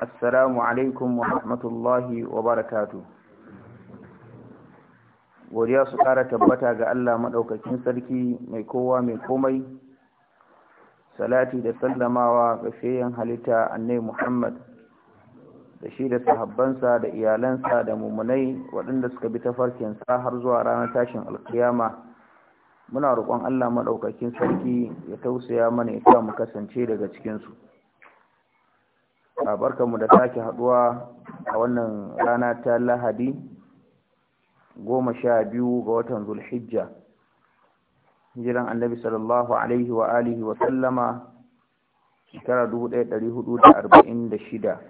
assalamu alaikum wa rahmatullahi wa barakatu godiya su ƙara tabbata ga Allah maɗaukakin sarki mai kowa mai komai salati da sallamawa ga fiyen halitta annai muhammad da shi da sahabbansa da iyalansa da mummunai waɗanda suka bi tafarkinsa har zuwa ranar tashin alkiyama muna roƙon Allah maɗaukakin sarki ya tausaya mana ya mu kasance daga cikinsu Ah, barkanmu da sake haduwa a wannan rana ta lahadi goma sha biyu ga watan zulhijja jiran annabi sallallahu alaihi wa alihi wa sallama shekara dubu da da arba'in shida,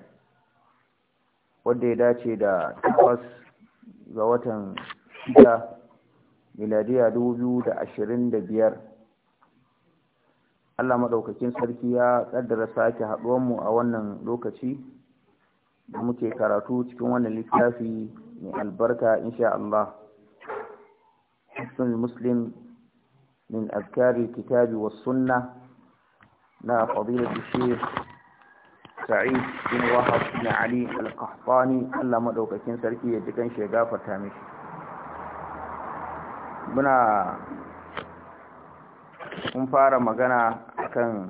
wadda ya dace da takwas ga watan shida miladiya dubu biyu da da ashirin biyar. Allah maɗaukakin sarki ya ƙaddara sake haɗuwanmu a wannan lokaci da muke karatu cikin wannan littafi mai albarka insha Allah. Husnul Muslim min azkari kitabi wa sunna na fadilatu Sheikh Sa'id bin Wahab bin Ali Al-Qahtani Allah maɗaukakin sarki ya ji kan shi ya mishi. Muna mun fara magana akan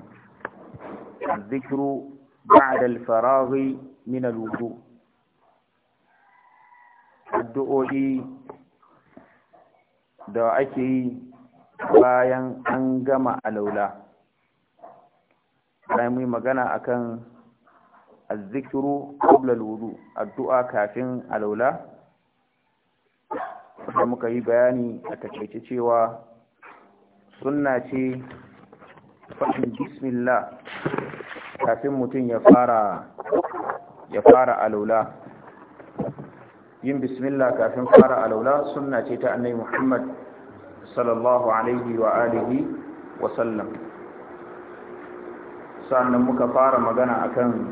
zikru ba'da al-faraghi min al-wudu addu'o'i da ake yi bayan an gama alaula bayan mu magana akan azzikru qabla alwudu addu'a kafin alaula da muka yi bayani a takaice cewa sunna ce faɗin bismillah kafin mutum ya fara ya alaula yin bismillah kafin fara alaula sunna ce ta annabi Muhammad sallallahu alaihi wa alihi wa sallam sannan muka fara magana akan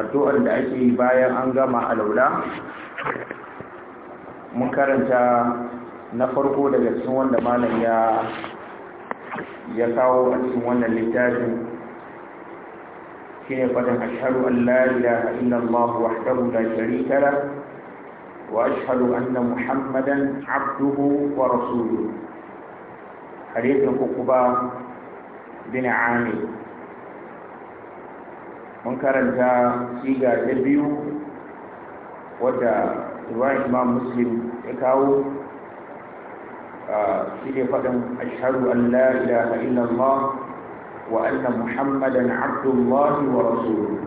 addu'ar da ake bayan an gama alaula mun karanta na farko daga cikin wanda malam ya ya kawo a cikin wannan littafin shi ne faɗin ashharu an la ilaha illallah wahdahu da sharika la wa ashharu anna muhammadan abduhu wa rasuluhu hadisin uquba bin amir mun karanta siga ta biyu wadda ruwan imam muslim ya kawo shine faɗin ashhadu an la ilaha illallah wa anna muhammadan abdullahi wa rasuluhu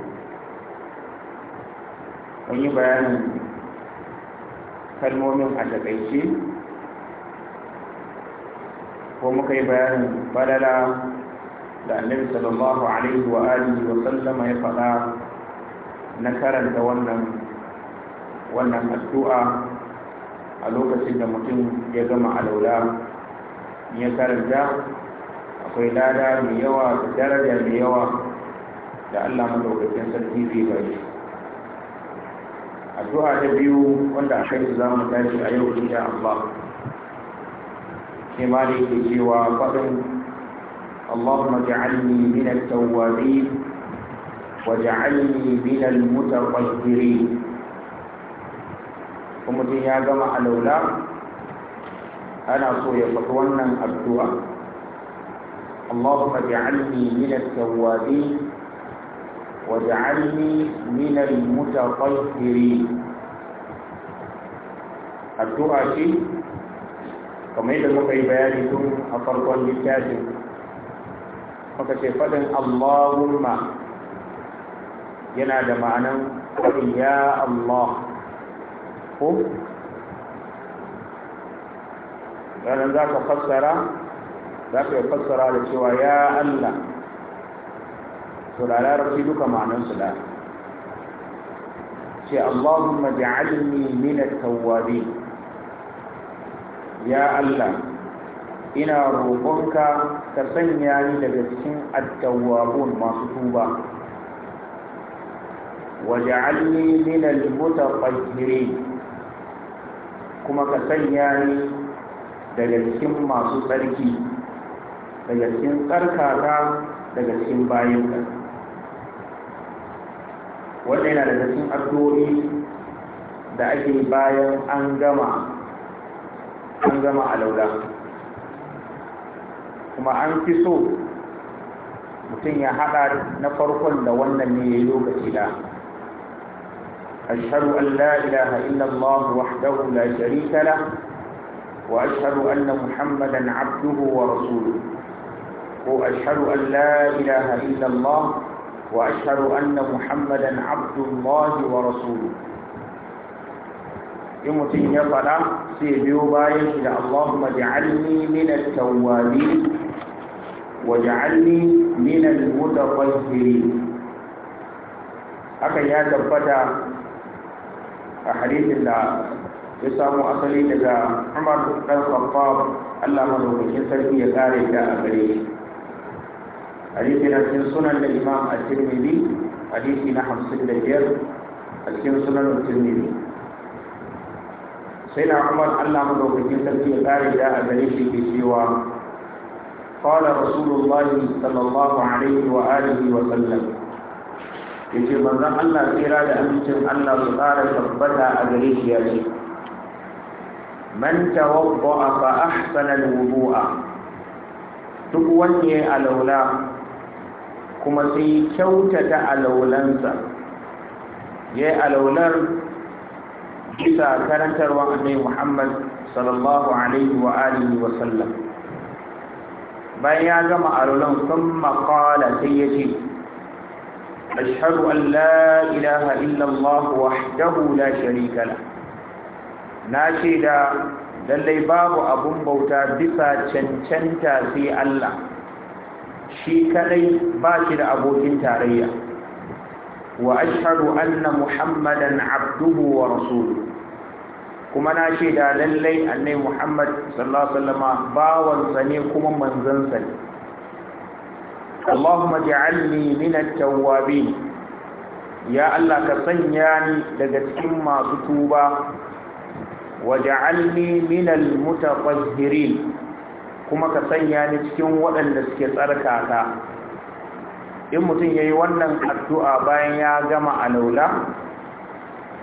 mun yi bayanin kalmomin a taƙaice ko muka yi bayanin falala da annabi sallallahu alaihi wa alihi wa sallama ya faɗa na karanta wannan wannan addu'a a lokacin da mutum ya gama alaula ya karanta akwai lada mai yawa da daraja mai yawa da allah madaukakin sarki zai bari addu'a ta biyu wanda a kai za mu tashi a yau insha allah sai ma da yake cewa faɗin اللهم اجعلني من التوابين واجعلني من المتطهرين kuma din ya gama alaula ana so ya wannan addu'a اللهم اجعلني من التوابين واجعلني من المتطهرين الدعاء شيء kamar yadda muka yi bayani tun a farkon littafin muka ce faɗin allahumma yana da ma'anan faɗin ya allah ko ranar za ka fassara za ka yi fassara da cewa ya allah to da duka ma'anansu da ce allahumma ja'alni min at-tawwabin ya allah ina roƙonka ka sanya ni daga cikin at-tawwabun masu tuba waj'alni min al-mutatahhirin kuma ka sanya ni daga cikin masu tsarki daga cikin tsarkaka daga cikin bayanka Wannan yana daga cikin addu'o'i da ake bayan an gama an gama alauda kuma an fi so mutum ya haɗa na farkon da wannan ne ya yi lokaci da أشهد أن لا إله إلا الله وحده لا شريك له وأشهد أن محمدا عبده ورسوله وأشهد أن لا إله إلا الله وأشهد أن محمدا عبد الله ورسوله in mutum ya faɗa sai biyo bayan shi da من ja'alni min at-tawwabin wa a hadisin da ya samu asali daga Umar dan Khattab Allah madaukakin sarki ya kare da a gare shi hadisi na cikin sunan da Imam At-Tirmidhi hadisi na 55 a cikin sunan At-Tirmidhi sai na Umar Allah madaukakin sarki ya kare da a gare shi ke cewa قال رسول الله صلى الله عليه وآله وسلم yace manzon Allah tsira da amincin Allah su tsara tabbata a gare shi ya ce man tawadda'a fa ahsana al-wudu'a duk wanda ya alaula kuma sai kyautata alaulansa ya alaular bisa karantarwa annabi Muhammad sallallahu alaihi wa alihi wa sallam bayan ya gama alaulan kuma qala sai ya yace أشهد أن لا إله إلا الله وحده لا شريك له ناشد lallai babu abun bauta bisa cancanta sai Allah shi kadai ba shi da abokin tarayya wa ashhadu anna muhammadan abduhu wa rasuluhu kuma na shaida lallai annai muhammad sallallahu bawansa ne kuma manzon ne اللهم اجعلني من التوابين يا الله كسنياني دغتكم ما توبا وجعلني من المتطهرين kuma ka sanya ni cikin waɗanda suke tsarkaka in mutum ya yi wannan addu'a bayan ya gama alaula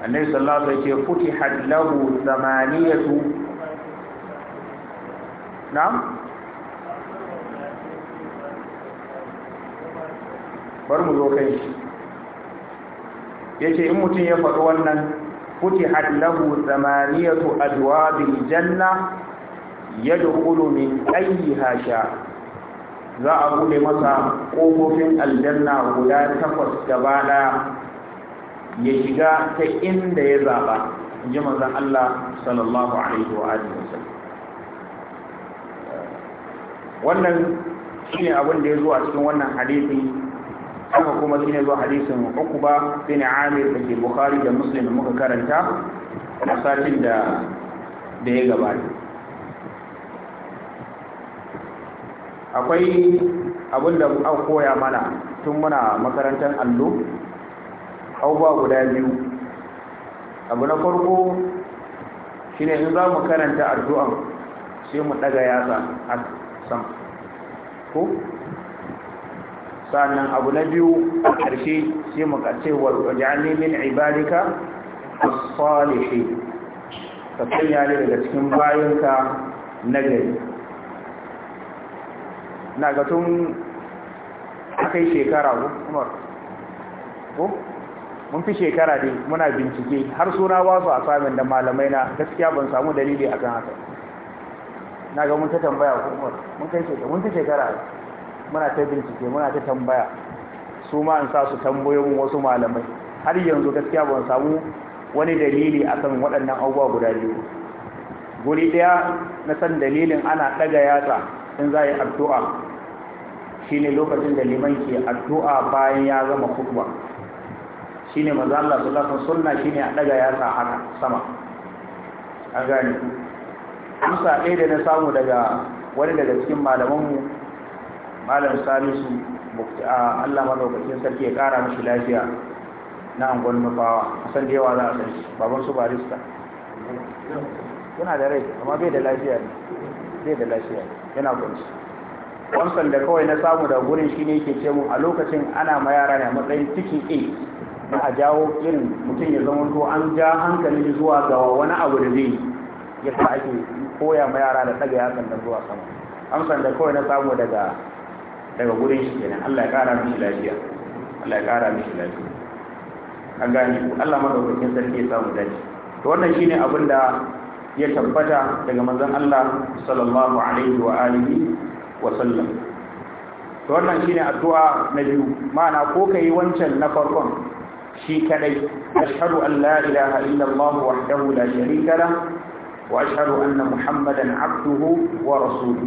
annabi sallallahu alaihi wasallam ce futihat lahu zamaniyatu bar mu zo kai yace in mutum ya faɗi wannan futihat lahu thamaniyatu abwabil janna yadkhulu min ayyiha sha za a bude masa kofofin aljanna guda takwas gaba daya ya shiga ta inda ya zaba in ji manzon Allah sallallahu alaihi wa alihi wasallam wannan shine abin da ya zo a cikin wannan hadisi haka kuma shi ne zuwa hadisin sai ne amir da ke bukari da muslim da muka karanta a satin da da ya gabata akwai abinda an koya mana tun muna makarantar allo abubuwa guda biyu abu na farko shi ne in za mu karanta addu'an sai mu ɗaga yatsa a sam ko sannan abu na biyu a ƙarshe sai mu ƙarshe wa ja'alni min ibadika as-salihin ka sanya ne daga cikin bayinka na gari na ga tun akai shekara ko Umar ko mun fi shekara dai muna bincike har suna ba su a samun da malamai na gaskiya ban samu dalili akan haka na ga mun ta tambaya ko Umar mun kai shekara mun ta shekara muna ta bincike muna ta tambaya su ma an sa su tambayoyin wasu malamai har yanzu gaskiya ban samu wani dalili akan waɗannan abubuwa guda biyu guri ɗaya na san dalilin ana ɗaga yatsa in za yi addu'a shine lokacin da liman ke addu'a bayan ya gama Shi shine maza Allah sallallahu alaihi shi shine a ɗaga yatsa haka sama a gani amsa ɗaya da na samu daga wani daga cikin malamanmu malam salisu allah lokacin sarki ya kara mashi lafiya na angon mafawa san da yawa za a san shi baban su barista yana da rai amma bai da lafiya ne bai da lafiya yana kunci. kwamsan da kawai na samu da gurin shi ne ke ce mu a lokacin ana ma yara ne a matsayin cikin a na a jawo irin mutum ya zama to an ja hankali zuwa ga wani abu da zai ya sa ake koya ma yara da tsaga yatsan da zuwa sama amsan da kawai na samu daga daga gurin shi kenan Allah ya kara mishi lafiya Allah ya kara mishi lafiya an gane ku Allah madaukakin sarki ya samu dace to wannan shine abin da ya tabbata daga manzon Allah sallallahu alaihi wa alihi wa sallam to wannan shine addu'a na biyu ma'ana ko kai wancan na farkon shi kadai ashhadu an la ilaha illa Allah wahdahu la sharika lah wa ashhadu anna muhammadan abduhu wa rasuluhu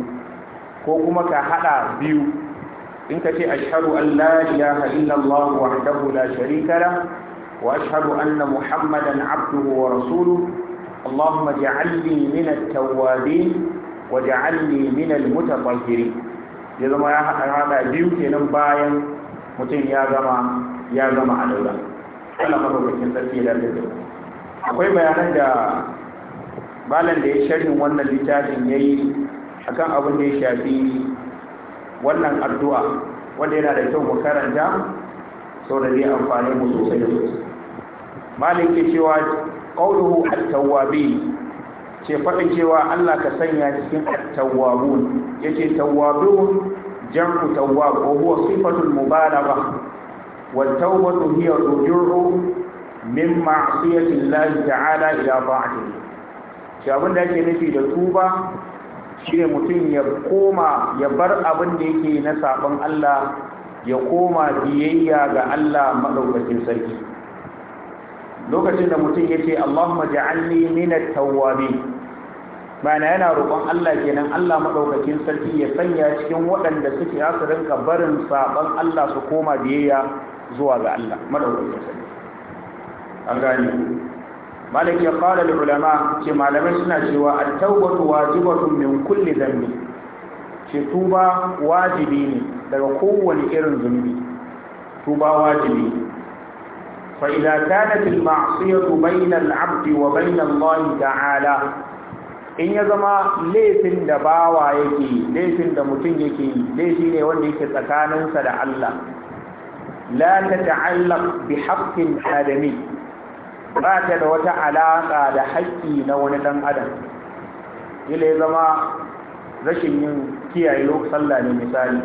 ko kuma ka hada biyu in ka ce ashhadu an la ilaha illallah wahdahu la sharika lah wa ashhadu anna muhammadan abduhu wa rasuluhu اللهم اجعلني من التوابين واجعلني من المتطهرين ya zama ya hada biyu kenan bayan mutum ya zama ya zama alaula Allah madaukakin sarki da da akwai bayanan da balan da ya sharhin wannan littafin yayi akan abin da ya shafi wannan addu'a wanda yana da kyau mu karanta sau da zai amfani sosai da sosai malik ke cewa qauluhu at ce faɗin cewa Allah ka sanya cikin at-tawwabun yace tawwabun jam'u tawwab wa huwa sifatul mubalagha wa tawbatu hiya rujuu min ma'siyati Allah ta'ala ila ba'dihi shi abin da yake nufi da tuba shine mutum ya koma ya bar abin da yake na sabon Allah ya koma biyayya ga Allah maɗaukacin sarki lokacin da mutum ya yace Allahumma ja'alni minat tawwabin bana yana roƙon Allah kenan Allah maɗaukakin sarki ya sanya cikin waɗanda suke asu rinka barin sabon Allah su koma biyayya zuwa ga Allah maɗaukakin sarki an gane malik ya da ulama ce malamai suna cewa at-tawbatu wajibatun min kulli dhanbi ce tuba wajibi ne daga kowane irin zunubi tuba wajibi fa idza kanat al-ma'siyatu bayna al wa bayna Allah ta'ala in ya zama laifin da bawa yake laifin da mutum yake laifi ne wanda yake tsakaninsa da Allah la tata'allaq bi haqqin adami ba ta da wata alaƙa da haƙƙi na wani ɗan adam ila ya zama rashin yin kiyaye lokacin sallah ne misali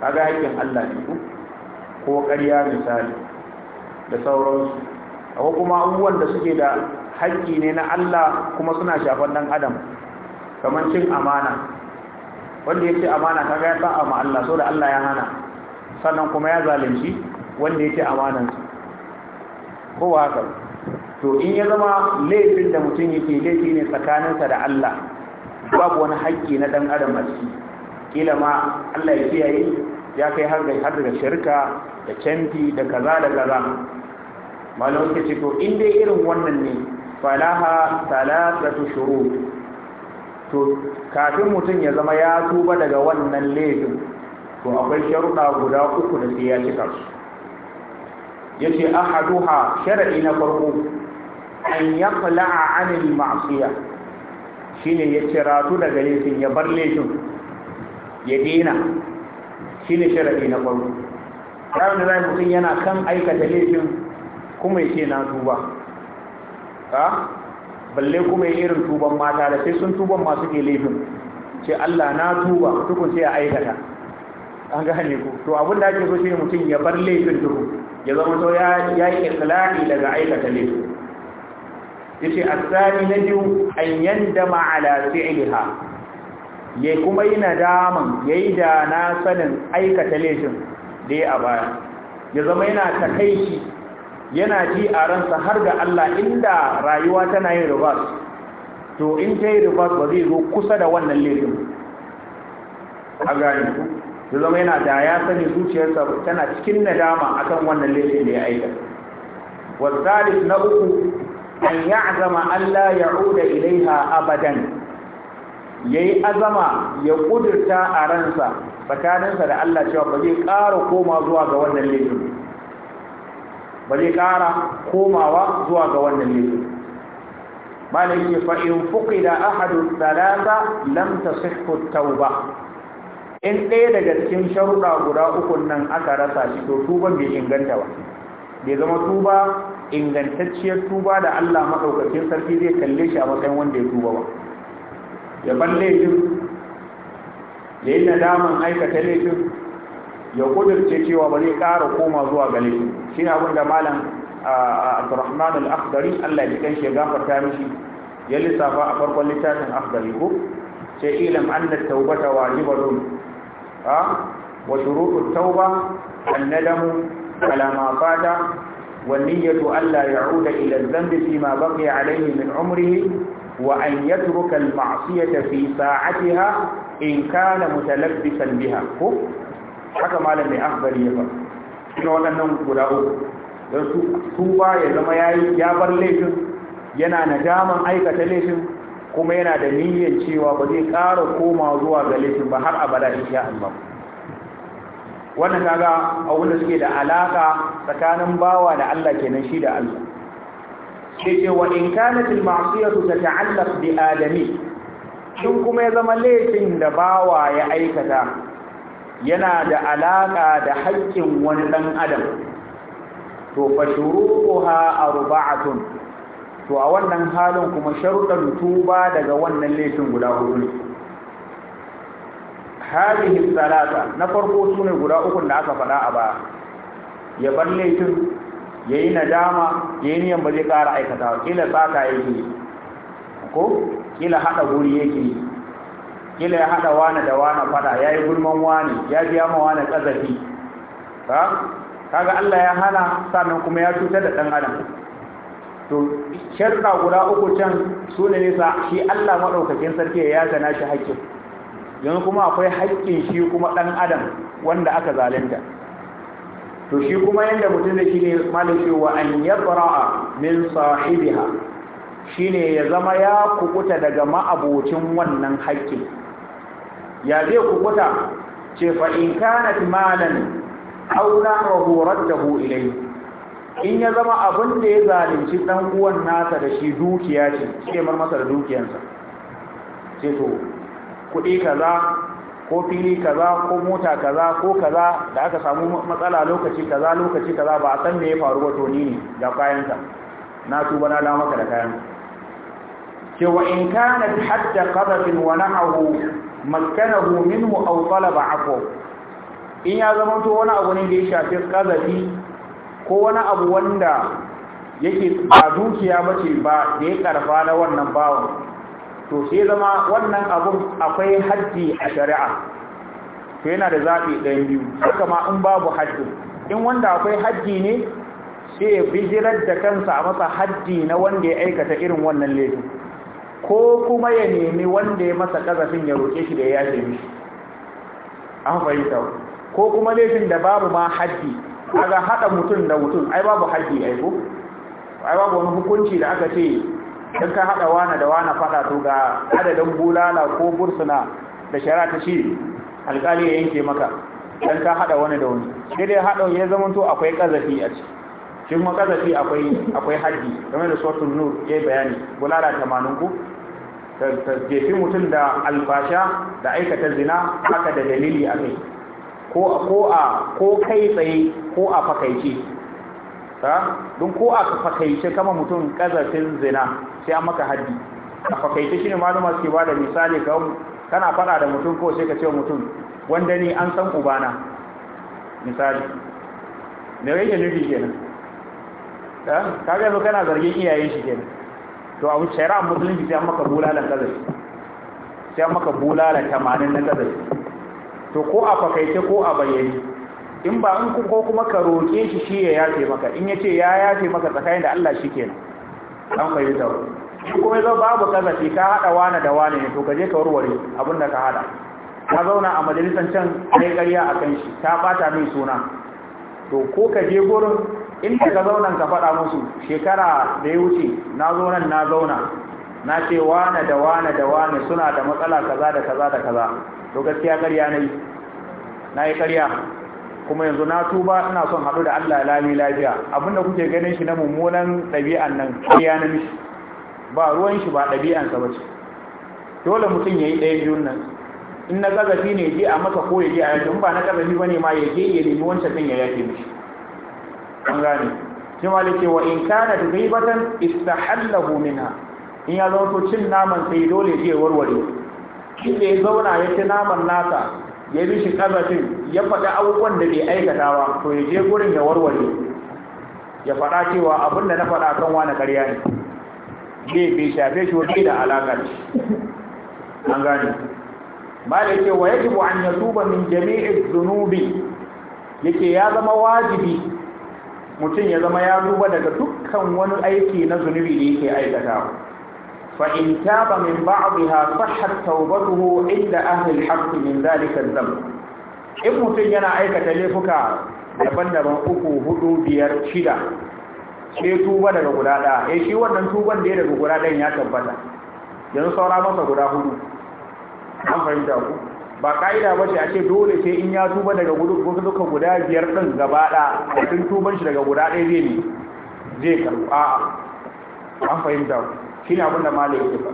kaga haƙƙin Allah ne ku ko ƙarya misali da sauransu ko kuma abubuwan da suke da haƙƙi ne na Allah kuma suna shafan ɗan adam kamar cin amana wanda ya ce amana kaga ya san ma Allah so da Allah ya hana sannan kuma ya zalunci wanda ya ce amanansa ko haka to in ya zama laifin da mutum yake laifi ne tsakaninsa da Allah babu wani haƙƙi na ɗan adam a ciki ma Allah ya kiyaye ya kai har da har daga shirka da canfi da kaza da kaza malamu suka ce to in dai irin wannan ne falaha salasatu shuru to kafin mutum ya zama ya tuba daga wannan laifin to akwai sharuɗa guda uku da sai ya su yace ahaduha shara'i na farko an yaqla'a 'anil ma'siya shine ya ciratu daga laifin ya bar laifin ya dena shine shara'i na farko yaron da zai mutum yana kan aikata laifin kuma ya ce na tuba ha balle kuma ya irin tuban mata da sai sun tuban masu ke laifin ce Allah na tuba tukun sai ya aikata an gane ku to abin da ake so shine mutum ya bar laifin duk ya zama to ya yi ikhlali daga aikata ce yace asali na biyu an ma ala fi'liha ya kuma yi nadaman yayi da na sanin aikata laifin da ya baya ya zama yana ta takaici yana ji a ransa har ga Allah inda rayuwa tana yin reverse to in ta yi reverse ba zai zo kusa da wannan laifin a gane ku ya zama yana da ya sani zuciyarsa tana cikin nadama akan wannan laifin da ya aika والثالث نبوك azama allah ya uda ilaiha abadan. Ya yayi azama ya kudurta a ransa tsakaninsa da Allah cewa ba zai ƙara koma zuwa ga wannan laifin ba zai ƙara komawa zuwa ga wannan laifin malai ke fa'in fuƙi da ahadu tsalata lam ta tauba in ɗaya daga cikin sharuɗa guda ukun nan aka rasa shi to tuba bai inganta ba bai zama tuba ingantacciyar tuba da Allah maɗaukacin sarki zai kalle shi a matsayin wanda ya tuba ba ya ban laifin ya yi nadaman aikata laifin ya kudurce cewa ba zai ƙara koma zuwa ga laifin shi abin da malam abdurrahman al-akhdari Allah ya kan shi ya gafarta mishi ya lissafa a farkon littafin akhdari ko sai ilam anna tawbata wajibatun ها وشروط التوبة الندم على ما فات والنية ألا يعود إلى الذنب فيما بقي عليه من عمره وأن يترك المعصية في ساعتها إن كان متلبسا بها haka malamin akbari ya ba ina waɗannan guda uku don tuba ya zama ya bar laifin yana nadaman aikata laifin kuma yana da niyyar cewa ba zai ƙara koma zuwa ga laifin ba har abada insha Allah wannan kaga abin da suke da alaka tsakanin bawa da Allah kenan shi da Allah sai ce wa in kanat al ma'siyatu tata'allaq bi adami shin kuma ya zama laifin da bawa ya aikata yana da alaka da haƙƙin wani dan adam to fa shuruquha arba'atun to a wannan halin kuma sharuɗan tuba daga wannan laifin guda hudu ne halihi salata na farko su ne guda ukun da aka faɗa a baya ya bar laifin ya yi nadama ya yi niyan ba zai ƙara aikata ka tsaka yake ko ƙila haɗa guri yake ƙila ya haɗa wani da wani fada ya yi gulman wani ya biya ma wani ƙazafi kaga Allah ya hana sannan kuma ya cutar da ɗan adam to sharɗa guda uku can su ne nisa shi Allah maɗaukakin sarki ya gana nashi haƙƙin yanzu kuma akwai haƙƙin shi kuma ɗan adam wanda aka zalunta to shi kuma yadda mutum da shi ne malashi wa an yabra'a min sahibiha shine ya zama ya kukuta daga ma'abocin wannan haƙƙin ya zai kukuta ce fa in kanat malan aw da raddahu ilayhi in ya zama abin da ya zalunci dan nasa da shi dukiya ce sai mar da dukiyansa ce to kuɗi kaza ko fili kaza ko mota kaza ko kaza da aka samu matsala lokaci kaza lokaci kaza ba a san me ya faru ba toni ni ne ga kayanta na tuba na dawo da kayan ce wa in kana hatta qadafin wa nahahu makkanahu minhu aw talaba afwa in ya zama to wani abu ne da ya shafi kazafi ko wani abu wanda yake a dukiya ce ba da ya karfa na wannan bawan to sai zama wannan abun akwai haddi a shari'a to yana da zaɓi ɗayan biyu haka ma in babu haddi in wanda akwai haddi ne sai ya bijirar da kansa a masa haddi na wanda ya aikata irin wannan laifin ko kuma ya nemi wanda ya masa ƙazafin ya roƙe shi da ya yaje mishi an fahimta ko kuma laifin da babu ma haddi Aga hada mutum da mutum ai babu haƙi ai ko ai babu wani hukunci da aka ce dan ka hada wani da wani fada to ga adadin bulala ko bursuna da shari'a ta shi alƙali ya yanke maka dan ka hada wani da wani sai dai hadon ya zama to akwai kazafi a ci shin ma kazafi akwai akwai haji kamar da suratul nur ya bayani bulala 80 ku jefi mutum da alfasha da aikata zina haka da dalili a kai ko a ko kai tsaye ko a fakaice ta don ko a fakaice kama mutum kazafin zina sai an maka haddi a fakaice shine malama suke bada misali ga kana fada da mutum ko sai ka ce mutum wanda ni an san ubana misali me yake nufi kenan ta kaga yanzu kana zargin iyayen shi kenan to a shari'a musulunci sai an maka bulala kazafi sai an maka bulala 80 na kazafi to ko a fakaice ko a bayyane in ba in ko kuma ka roƙe shi shi ya yafe maka in yace ya yafe maka tsakanin da Allah shi kenan. an fahimta da shi kuma zo babu kazafi ka hada wani da wani ne to ka je ka warware abin da ka hada ka zauna a majalisar can kai ƙarya a kan shi ta bata mai suna to ko ka je gurin in ka zauna ka faɗa musu shekara da ya wuce na zo nan na zauna na ce wane da wane da wane suna da matsala kaza da kaza da kaza to gaskiya ƙarya na yi na yi ƙarya kuma yanzu na tuba ina son haɗu da Allah lami lafiya abinda kuke ganin shi na mummunan ɗabi'an nan ƙarya na mishi ba ruwan shi ba ɗabi'ansa ba ce dole mutum ya yi ɗayan biyun nan in na shi ne je a masa ko ya je a yaki in ba na ƙazafi ba ne ma ya je ya nemi wancan ɗin ya yake mishi an gane shi ma da cewa in kana da gaibatan istahallahu minha in ya zo to cin naman sai dole je warware inda ya zauna ya ci naman nasa ya bi shi kazafin ya faɗi abubuwan da bai aikata ba to ya je gurin ya warware ya faɗa cewa abin da na faɗa kan wani ƙarya ne bai bai shafe shi wani da alaƙa shi an gane da ce wa yajibu an tuba min jami'i Ya yake ya zama wajibi mutum ya zama ya duba daga dukkan wani aiki na zunubi da yake aikatawa فإن تاب من بعضها صحت توبته عند أهل الحق من ذلك الذنب إن متجنا yana aikata laifuka daban-daban uku hudu biyar shida sai tuba daga guda ɗaya ya shi wannan tuban da ya daga guda ɗayan ya tabbata yanzu saura masa ba ka'ida ba ce a ce dole sai in ya tuba daga duka guda biyar ɗin gaba da tun tuban shi daga guda ɗaya zai ne zai karɓa an fahimta ku shi ne abinda malik ya faɗa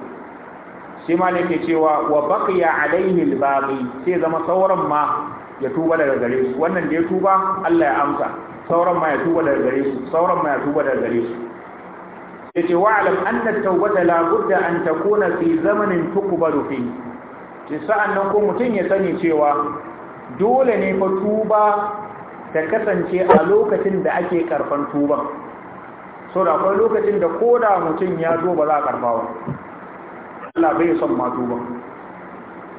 sai malik ya cewa wa baqiya alaihi al-baqi sai zama sauran ma ya tuba daga gare su wannan da ya tuba Allah ya amsa sauran ma ya tuba daga gare su sauran ma ya tuba daga gare su yace wa'lam anna at-taubata la budda an takuna fi zamanin tuqbalu fi sa'an nan ko mutum ya sani cewa dole ne fa tuba ta kasance a lokacin da ake karfan tuban so da akwai lokacin da ko da mutum ya zo ba za a karba ba Allah bai son masu ba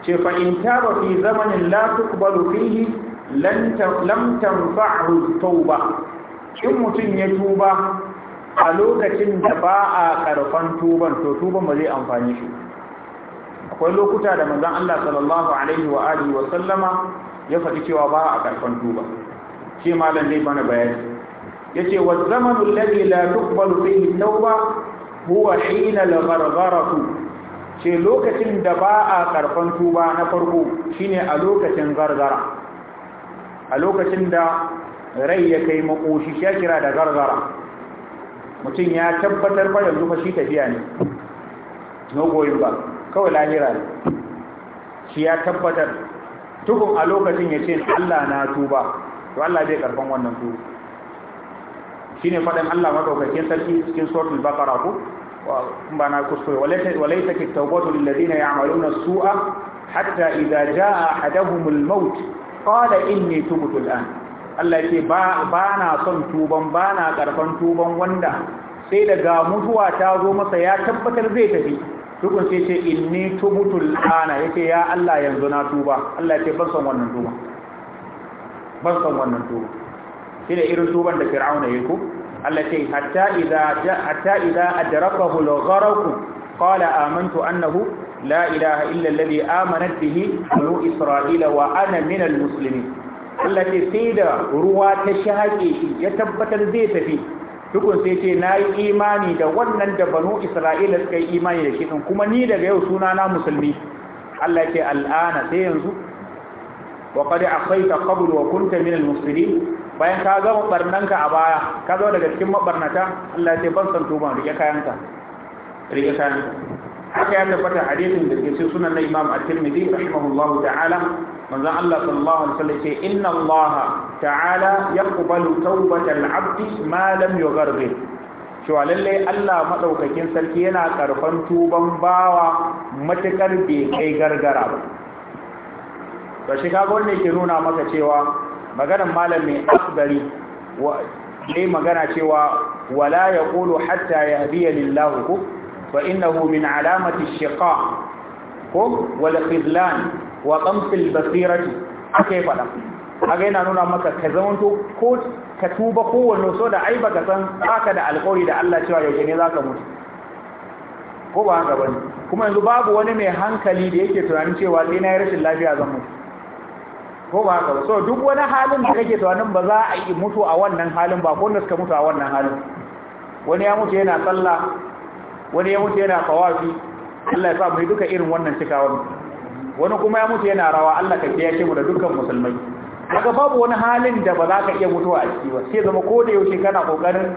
ce fa in fi zamanin la tuqbalu fihi lan lam tanfa'u tauba in mutum ya tuba a lokacin da ba a karfan tuban to tuban ba zai amfani shi akwai lokuta da manzon Allah sallallahu alaihi wa alihi wa sallama ya faɗi cewa ba a karfan tuba ce malam zai bana bayani yace wa zamanu alladhi la tuqbalu fihi tauba huwa hina al ce lokacin da ba a karfan tuba na farko shine a lokacin gargara a lokacin da rai ya kai makoshi ya kira da gargara mutum ya tabbatar ba yanzu fa shi tafiya ne no goyin ba kawai lahira ne shi ya tabbatar tukun a lokacin ya ce Allah na tuba to Allah zai karfan wannan tuba shine fadan Allah ma madaukakin sarki cikin suratul baqara ko ba na kuskure walaysa kitawbatu lil ladina ya'maluna su'a hatta idza jaa ahaduhumul maut qala inni tubtu al'an Allah yake ba na son tuban ba na karfan tuban wanda sai daga mutuwa ta zo masa ya tabbatar zai tafi tukun sai ce inni tubtu al'ana yake ya Allah yanzu na tuba Allah yake ban son wannan tuba ban son wannan tuba shine irin tuban da fir'auna yi ku Allah ce hatta idza hatta idza adrakahu al qala amantu annahu la ilaha illa alladhi amanat bihi banu isra'ila wa ana min Allah ce sai da ruwa ta shaƙe ya tabbatar zai tafi tukun sai ce na yi imani da wannan da banu isra'ila suka yi imani da shi din. kuma ni daga yau suna na musulmi Allah ce al'ana sai yanzu wa akwai akhayta qabl wa kunta bayan ka gama barnanka a baya ka zo daga cikin mabarnata Allah ya ce ban san tuba rike kayanka rike kayanka haka ya tabbata hadisin da ke sunan na Imam At-Tirmidhi rahimahullahu ta'ala manzon Allah sallallahu alaihi wasallam ce inna Allah ta'ala yaqbalu tawbatal 'abdi ma lam yughargir cewa lallai Allah maɗaukakin sarki yana karfan tuban bawa matuƙar bai kai gargara ba. Ba shi kaga wanda ke nuna maka cewa maganar mai akbari ne magana cewa wala ya hatta ya biya lillahu ku fa innahu min alamati shiqa ko wal khizlan wa al basirati ake fada kaga yana nuna maka ka zamanto ko ka tuba kowanne so da ai baka san haka da alƙawari da Allah cewa yau ne zaka mutu ko ba haka bane kuma yanzu babu wani mai hankali da yake tunanin cewa sai na yi rashin lafiya zan mutu ko ba haka so duk wani halin da kake tunanin ba za a yi mutu a wannan halin ba ko da suka mutu a wannan halin wani ya mutu yana sallah wani ya mutu yana tawafi Allah ya sa mu duka irin wannan cikawan wani kuma ya mutu yana rawa Allah ka kiyaye mu da dukkan musulmai kaga babu wani halin da ba za ka iya mutuwa a ciki ba sai zama ko da yaushe kana kokarin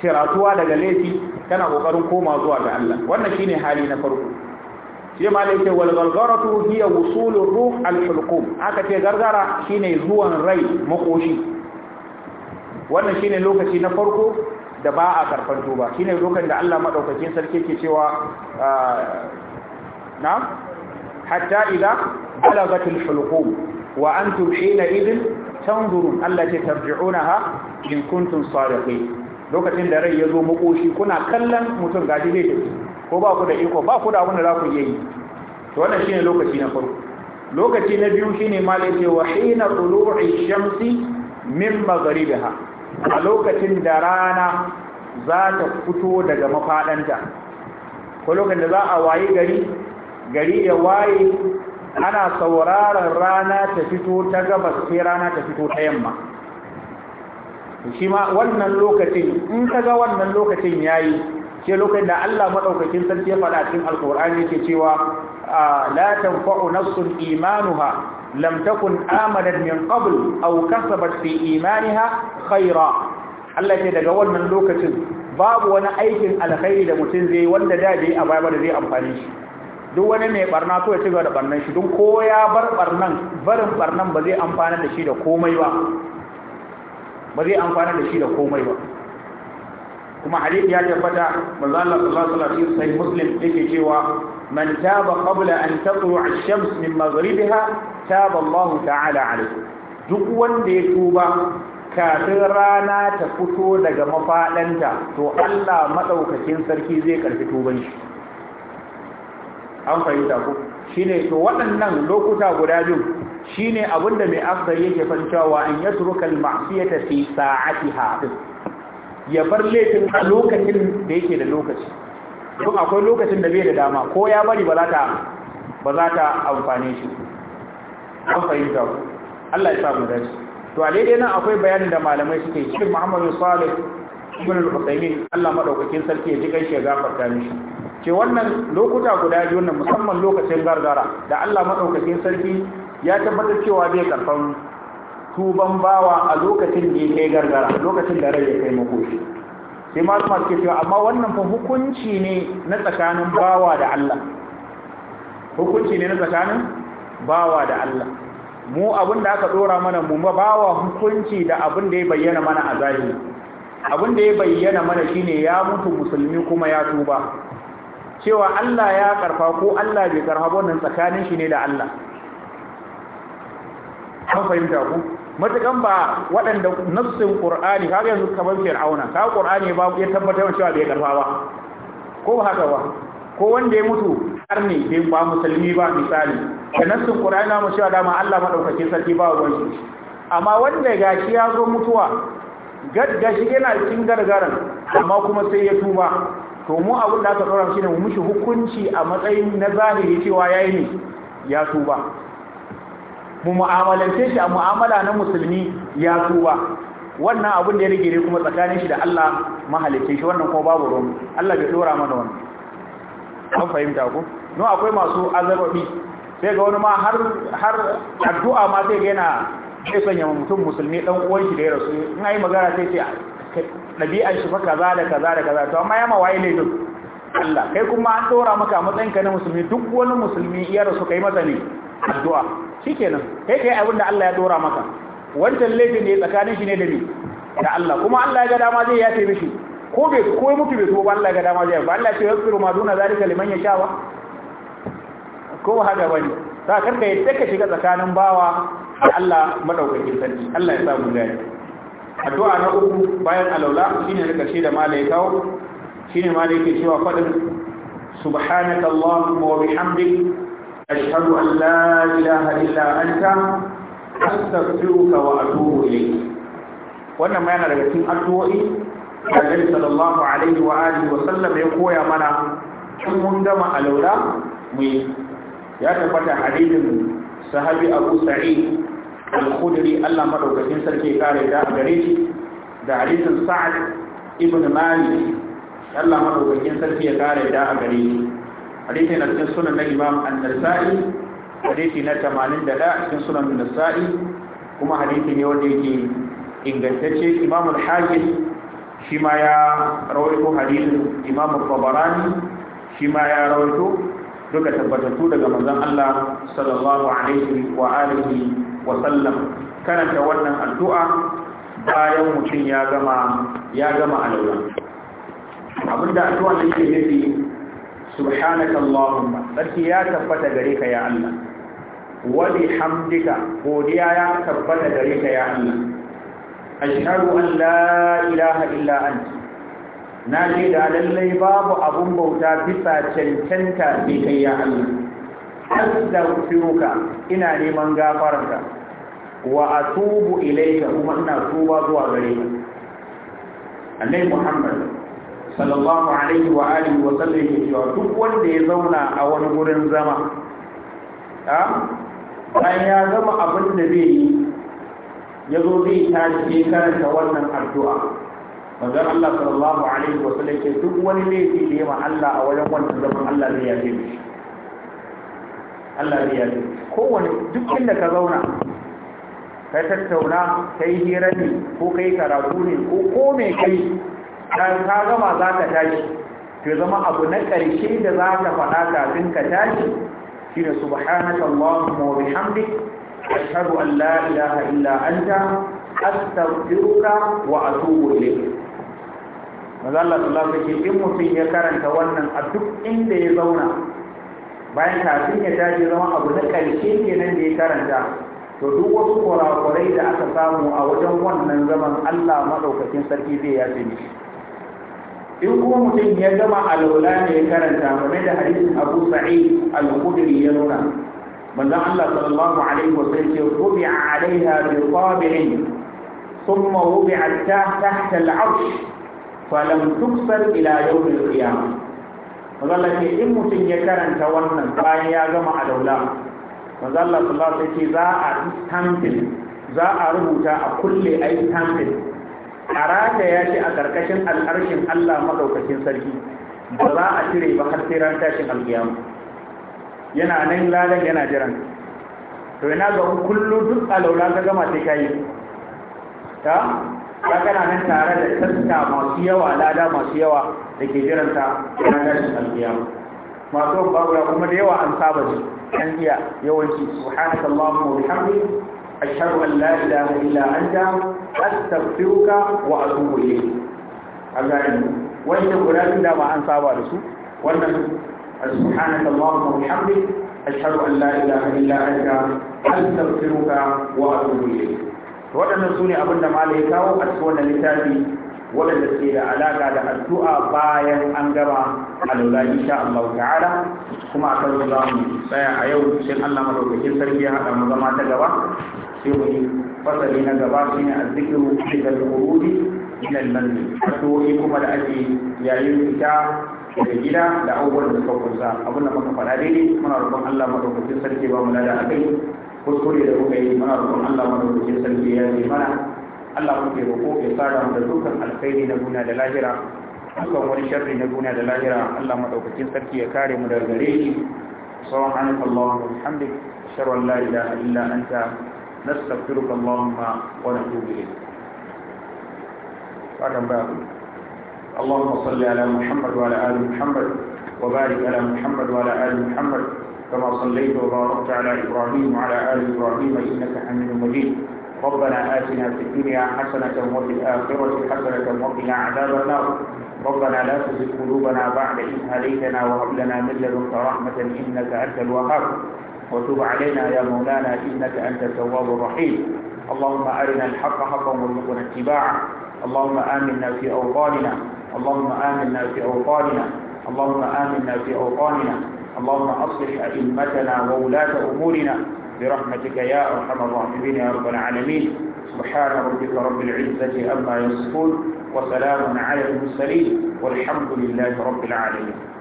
shiratuwa daga laifi kana kokarin koma zuwa ga Allah wannan shine hali na farko shi ma da yake wal hiya wusulur ruh al hulqum aka ce gargara shine zuwan rai makoshi wannan shine lokaci na farko da ba a karfan tuba shine lokacin da Allah madaukakin sarki ke cewa ah, na hatta idza balagatil hulqum wa antum hina idin tanzurun Allah ce tarji'unaha in kuntum sadiqin lokacin da rai ya zo makoshi kuna kallon mutum gaji zai tafi ko ba ku da iko ba ku da abin da za ku iya yi to wannan shine lokaci na farko lokaci na biyu shine malai ce wa hina tulu'i shamsi min magharibiha a lokacin da rana za ta fito daga mafadanta ko lokacin da za a wayi gari gari ya waye ana sauraron rana ta fito ta gabas sai rana ta fito ta yamma shi ma wannan lokacin in ka ga wannan lokacin yayi sai lokacin da Allah madaukakin sarki ya faɗa cikin alkur'ani yake cewa la tanfa'u nafsun imanuha lam takun amanat min qabl aw kasabat fi imaniha khaira Allah ce daga wannan lokacin babu wani aikin alkhairi da mutum zai wanda da bai a baya da zai amfani shi duk wani mai barna ko ya ci da barnan shi don ko ya bar barnan barin barnan ba zai amfana da shi da komai ba ba zai amfana da shi da komai ba kuma hadith ya tabbata manzo Allah sallallahu alaihi wasallam sai muslim yake cewa man taba qabla an taqlu ash-shams min maghribiha taba Allah ta'ala alaihi duk wanda ya tuba kafin rana ta fito daga mafadanta to Allah madaukakin sarki zai karfi tuban shi an fahimta ko shine to waɗannan lokuta guda biyu shine abinda mai afdal yake fantawa in yatruka al-ma'siyata fi sa'atiha ya bar laifin a lokacin da yake da lokaci don akwai lokacin da bai da dama ko ya bari ba za ta amfane shi an fahimta ku Allah ya samu dace to a daidai nan akwai bayanin da malamai suke shi Muhammadu Salih ibn al-Uthaymeen Allah madaukakin sarki ya ji kai shi ya gafarta mishi ce wannan lokuta guda biyu wannan musamman lokacin gargara da Allah madaukakin sarki ya tabbatar cewa zai karfan tuban bawa a lokacin da ya kai gargara lokacin da rai ya kai makoshi sai masu masu cewa amma wannan fa hukunci ne na tsakanin bawa da Allah hukunci ne na tsakanin bawa da Allah mu abin da aka dora mana mu bawa hukunci da abin da ya bayyana mana a zahiri abin da ya bayyana mana shine ya mutu musulmi kuma ya tuba cewa Allah ya karfa ko Allah bai karfa wannan tsakanin shi ne da Allah an fahimta ku matukan ba waɗanda nassin ƙur'ani ka yanzu kamar fir'auna ka qur'ani ba ya tabbatar cewa bai karfa ba ko ba haka ba ko wanda ya mutu karni bai ba musulmi ba misali da nassin qur'ani mu cewa dama Allah madaukakin sarki ba wa amma wanda gashi ya zo mutuwa shi yana cikin gargaran amma kuma sai ya tuba to mu abin da aka tsora shi ne mu mishi hukunci a matsayin na zahiri cewa yayi ne ya tuba mu mu'amalance shi a mu'amala na musulmi ya tuba wannan abin da ya rage ne kuma tsakanin shi da Allah mahalicce shi wannan kuma babu ruwan Allah bai dora mana wannan an fahimta ko no akwai masu azababi sai ga wani ma har har addu'a ma sai ga yana sai sanya mutum musulmi dan uwan shi da ya rasu in ai magana sai sai dabi'ar shi fa kaza da kaza da kaza to amma ya ma waye ne duk Allah kai kuma an dora maka matsayin ka na musulmi duk wani musulmi ya rasu kai masa addu'a shikenan kai kai abin da Allah ya dora maka wancan laifin ne tsakanin shi ne da ni da Allah kuma Allah ya ga dama zai yafe mishi ko bai ko mutu bai ba Allah ya ga dama zai ba Allah ya ce yasfiru ma duna zalika liman yasha ba ko haka bane ta karka yadda ka shiga tsakanin bawa da Allah madaukakin sarki Allah ya sa mu gani addu'a na uku bayan alaula shine na karshe da malai shine malai yake cewa fadin subhanakallahumma wa bihamdika أشهد أن لا إله إلا أنت أستغفرك وأتوب إليك wannan ma yana daga cikin addu'o'i da Annabi sallallahu alaihi wa wa sallam ya koya mana in mun gama alaura mu ya tabbata hadisin sahabi Abu Sa'id al-Khudri Allah madaukakin sarki kare da gare shi da hadisin Sa'ad ibn Malik Allah madaukakin sarki ya kare da a gari. hadisi na cikin sunan na imam an-nasa'i hadisi na 81 cikin sunan an-nasa'i kuma hadisi ne wanda yake ingantacce imam al-hakim shi ma ya rawaito hadisin imam al-tabarani shi ya rawaito duka tabbatattu daga manzon Allah sallallahu wa alihi wa sallam karanta wannan addu'a bayan mutum ya gama ya gama alwala abinda addu'a ne yake nufi subhanaka allahumma sarki ya tabbata gare ka ya Allah wa bihamdika godiya ya tabbata gare ka ya Allah ashhadu an la ilaha illa anta na ce da lallai babu abun bauta bisa cancanta sai kai ya Allah astaghfiruka ina neman gafararka wa atubu ilayka kuma ina tuba zuwa gare ka annabi Muhammad sallallahu alaihi wa alihi wa sallam yake cewa duk wanda ya zauna a wani gurin zama a bayan ya zama abin da zai yi ya zo zai tashi ya karanta wannan addu'a manzon Allah sallallahu alaihi wa sallam yake duk wani laifi da ya ma Allah a wajen wannan zaman Allah zai yafe shi Allah zai yafe kowane duk inda ka zauna ka tattauna kai hirani ko kai karatu ne ko ko me kai dan ka gama za ka tashi to zama abu na ƙarshe da za ka faɗa kafin ka tashi shi da subhanaka allahumma wa bihamdik ashhadu an la ilaha illa anta astaghfiruka wa atubu ilayk maza Allah sallallahu alaihi in mutum ya karanta wannan a duk inda ya zauna bayan kafin ya tashi zama abu na ƙarshe nan da ya karanta to duk wasu kurakurai da aka samu a wajen wannan zaman Allah maɗaukacin sarki zai yafe mishi in kuma mutum ya gama alola ne ya karanta game da hadisin abu sa'id al-khudri ya nuna manzon Allah sallallahu alaihi wa sallam ce rubi alaiha bi tabi'in thumma wubi'at tahta al-'arsh falam tuksar ila yawm al-qiyamah manzon Allah ce in mutum ya karanta wannan bayan ya gama alola. manzon Allah sallallahu alaihi wa sallam ce za a stampin za a rubuta a kulle ai stampin a ya shi a ƙarƙashin al'arshin Allah maɗaukakin sarki ba za a cire ba har sai ran tashin alƙiyama yana nan ladan yana jiran to yana ga kullu duk alaula ta gama sai kayi ta ka kana nan tare da taska masu yawa lada masu yawa da ke jiran ta ran tashin alƙiyama masu babura kuma da yawa an saba shi, an iya yawanci subhanakallahumma wa bihamdika ashhadu an la ilaha illa anta astaghfiruka wa atubu ilayk agani wannan guda biyu da ba an saba da su wannan subhanaka allahumma wa bihamdik ashhadu an la ilaha illa anta astaghfiruka wa atubu ilayk waɗannan su ne abin da malai kawo a cikin wannan littafi waɗanda suke da alaka da addu'a bayan an gama alula insha Allah ta'ala kuma akan za mu tsaya a yau sai Allah madaukakin sarki ya haɗa mu zama ta gaba sai mu yi fasali na gaba shi ne azzikiru daga al'urudi ila al-manzil addu'o'i kuma da ake yayin fita daga gida da abubuwan da suka kunsa abin da muka faɗa daidai muna roƙon Allah madaukakin sarki ba mu lada akai kuskure da kuka yi muna roƙon Allah madaukakin sarki ya yi mana Allah muke roƙo ya tsara mu da dukkan alkhairi na duniya da lahira dukkan wani sharri na duniya da lahira Allah madaukakin sarki ya kare mu daga gare shi subhanakallahumma wa bihamdika ashhadu an la ilaha illa anta نستغفرك اللهم ونتوب إليك اللهم صل على محمد وعلى آل محمد وبارك على محمد وعلى آل محمد كما صليت وباركت على إبراهيم وعلى آل إبراهيم إنك حميد مجيد ربنا آتنا في الدنيا حسنة وفي الآخرة حسنة وقنا عذاب النار ربنا لا تزغ قلوبنا بعد إذ هديتنا وهب لنا من لدنك رحمة إنك أنت الوهاب وتب علينا يا مولانا إنك أنت التواب الرحيم اللهم أرنا الحق حقا وارزقنا اتباعه اللهم آمنا في أوطاننا اللهم آمنا في أوطاننا اللهم آمنا في أوطاننا اللهم أصلح أئمتنا وولاة أمورنا برحمتك يا أرحم الراحمين يا رب العالمين سبحان ربك رب العزة أما يصفون وسلام على المرسلين والحمد لله رب العالمين